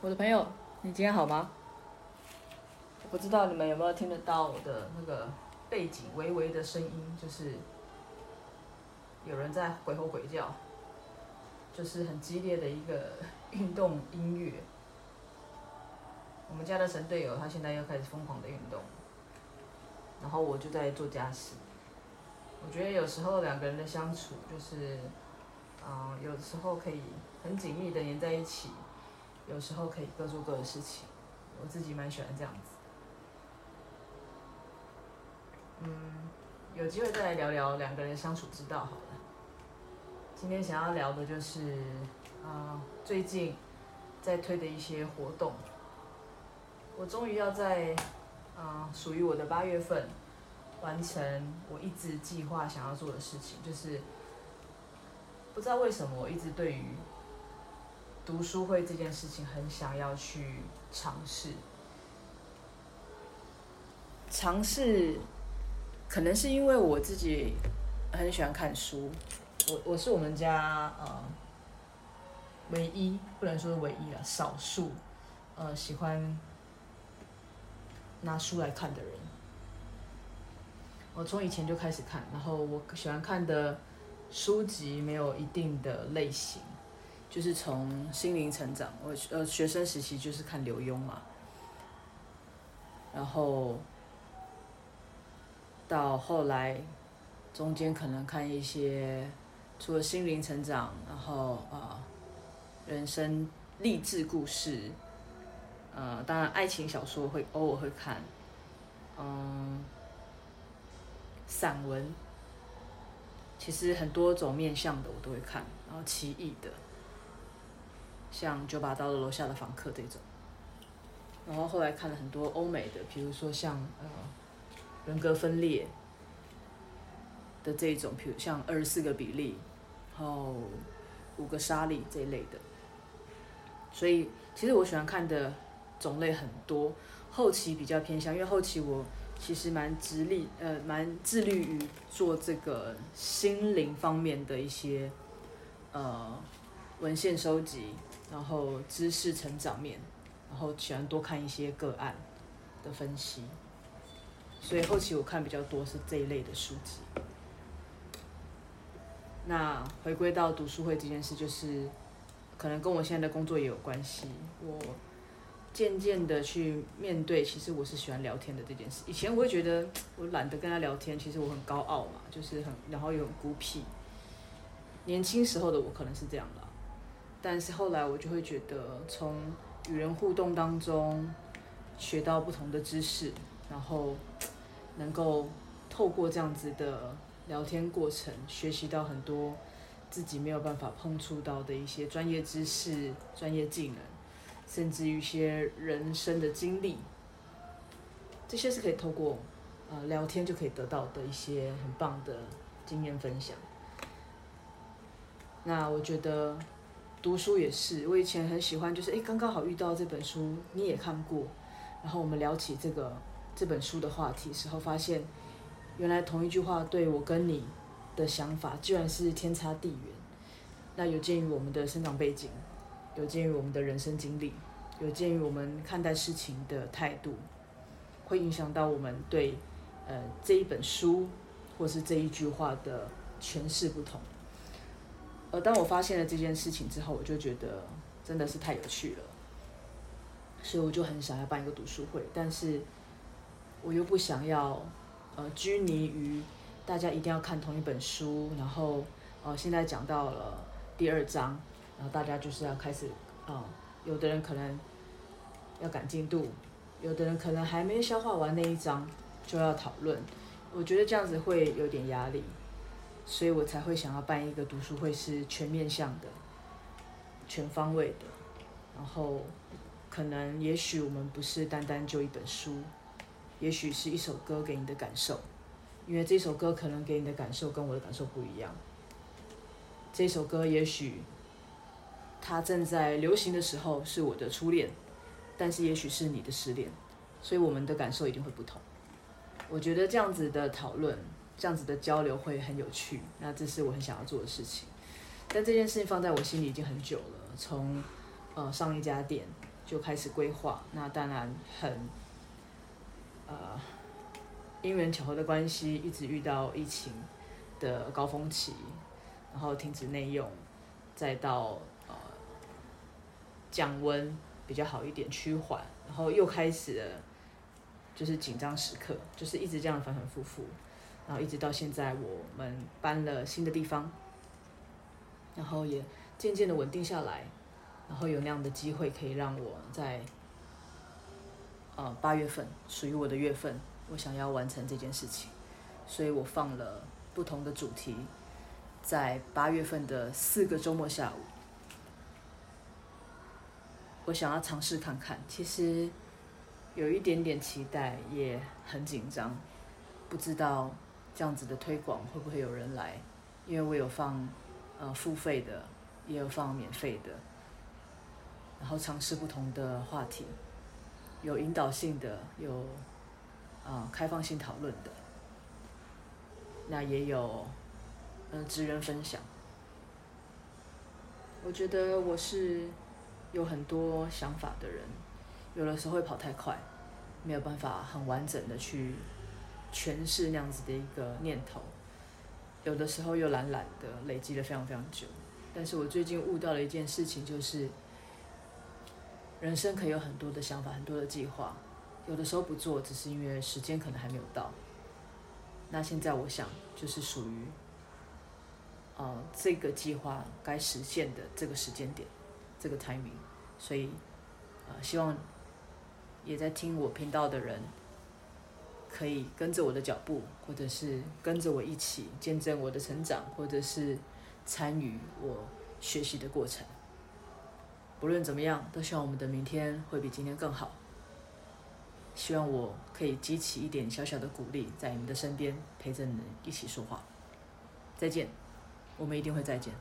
我的朋友，你今天好嗎？我不知道你們有沒有聽得到我的那個背景微微的聲音，就是有人在鬼吼鬼叫，就是很激烈的一個運動音樂。我們家的神隊友他現在又開始瘋狂的運動，然後我就在做家事。我覺得有時候兩個人的相處就是，嗯，有時候可以很緊密的連在一起。有時候可以各做各的事情，我自己蠻喜歡這樣子。嗯，有機會再來聊聊兩個人的相處之道好了。今天想要聊的就是啊、呃，最近在推的一些活動。我終於要在啊、呃，屬於我的八月份，完成我一直計劃想要做的事情，就是不知道為什麼我一直對於讀書會這件事情很想要去嘗試，嘗試，可能是因為我自己很喜歡看書，我我是我們家呃唯一，不能說是唯一啦，少數呃喜歡拿書來看的人。我從以前就開始看，然後我喜歡看的書籍沒有一定的類型。就是從心靈成長，我學呃，學生時期就是看劉墉嘛，然後到後來中間可能看一些除了心靈成長，然後啊、呃、人生勵志故事，呃當然愛情小說會偶爾會看，嗯散文其實很多種面向的我都會看，然後奇異的。像九把刀的《樓下的房客》這種，然後後來看了很多歐美的，比如說像呃人格分裂的這種，比如像《二十四個比利》、然後《五個莎莉》這一類的。所以其實我喜歡看的種類很多，後期比較偏向，因為後期我其實蠻直立，呃，蠻致力於做這個心靈方面的一些呃文獻收集。然後知識成長面，然後喜歡多看一些個案的分析，所以後期我看比較多是這一類的書籍。那回歸到讀書會這件事，就是可能跟我現在的工作也有關係。我漸漸的去面對，其實我是喜歡聊天的這件事。以前我會覺得我懶得跟他聊天，其實我很高傲嘛，就是很，然後又很孤僻。年輕時候的我可能是這樣的。但是後來我就會覺得，從與人互動當中學到不同的知識，然後能夠透過這樣子的聊天過程，學習到很多自己沒有辦法碰觸到的一些專業知識、專業技能，甚至於一些人生的經歷，這些是可以透過呃聊天就可以得到的一些很棒的經驗分享。那我覺得。讀書也是，我以前很喜歡，就是哎，剛剛好遇到這本書，你也看過，然後我們聊起這個這本書的話題時候，發現原來同一句話對我跟你的想法，居然是天差地遠。那有鑒於我們的生長背景，有鑒於我們的人生經歷，有鑒於我們看待事情的態度，會影響到我們對呃這一本書或是這一句話的詮釋不同。呃，當我發現了這件事情之後，我就覺得真的是太有趣了，所以我就很想要辦一個讀書會，但是我又不想要，呃，拘泥於大家一定要看同一本書，然後，呃，現在講到了第二章，然後大家就是要開始，哦、呃，有的人可能要趕進度，有的人可能還沒消化完那一章就要討論，我覺得這樣子會有點壓力。所以我才會想要辦一個讀書會，是全面向的、全方位的。然後，可能也許我們不是單單就一本書，也許是一首歌給你的感受，因為這首歌可能給你的感受跟我的感受不一樣。這首歌也許它正在流行的時候是我的初戀，但是也許是你的失戀，所以我們的感受一定會不同。我覺得這樣子的討論。這樣子的交流會很有趣，那這是我很想要做的事情。但這件事情放在我心裡已經很久了，從呃上一家店就開始規劃。那當然很呃因緣巧合的關係，一直遇到疫情的高峰期，然後停止內用，再到呃降溫比較好一點，趨緩，然後又開始了就是緊張時刻，就是一直這樣反反复复。然後一直到現在，我們搬了新的地方，然後也漸漸的穩定下來，然後有那樣的機會可以讓我在，呃，八月份，屬於我的月份，我想要完成這件事情，所以我放了不同的主題，在八月份的四個周末下午，我想要嘗試看看，其實有一點點期待，也很緊張，不知道。這樣子的推廣會不會有人來？因為我有放，呃，付費的，也有放免費的，然後嘗試不同的話題，有引導性的，有，啊、呃，開放性討論的，那也有，嗯、呃，職人分享。我覺得我是有很多想法的人，有的時候會跑太快，沒有辦法很完整的去。全是那樣子的一個念頭，有的時候又懶懶的，累積了非常非常久。但是我最近悟到了一件事情，就是人生可以有很多的想法，很多的計劃，有的時候不做，只是因為時間可能還沒有到。那現在我想，就是屬於呃這個計劃該實現的這個時間點，這個 timing。所以呃希望也在聽我頻道的人。可以跟着我的腳步，或者是跟着我一起見證我的成長，或者是參與我學習的過程。不論怎麼樣，都希望我們的明天會比今天更好。希望我可以激起一點小小的鼓勵，在你們的身邊陪着你們一起說話。再見，我們一定會再見。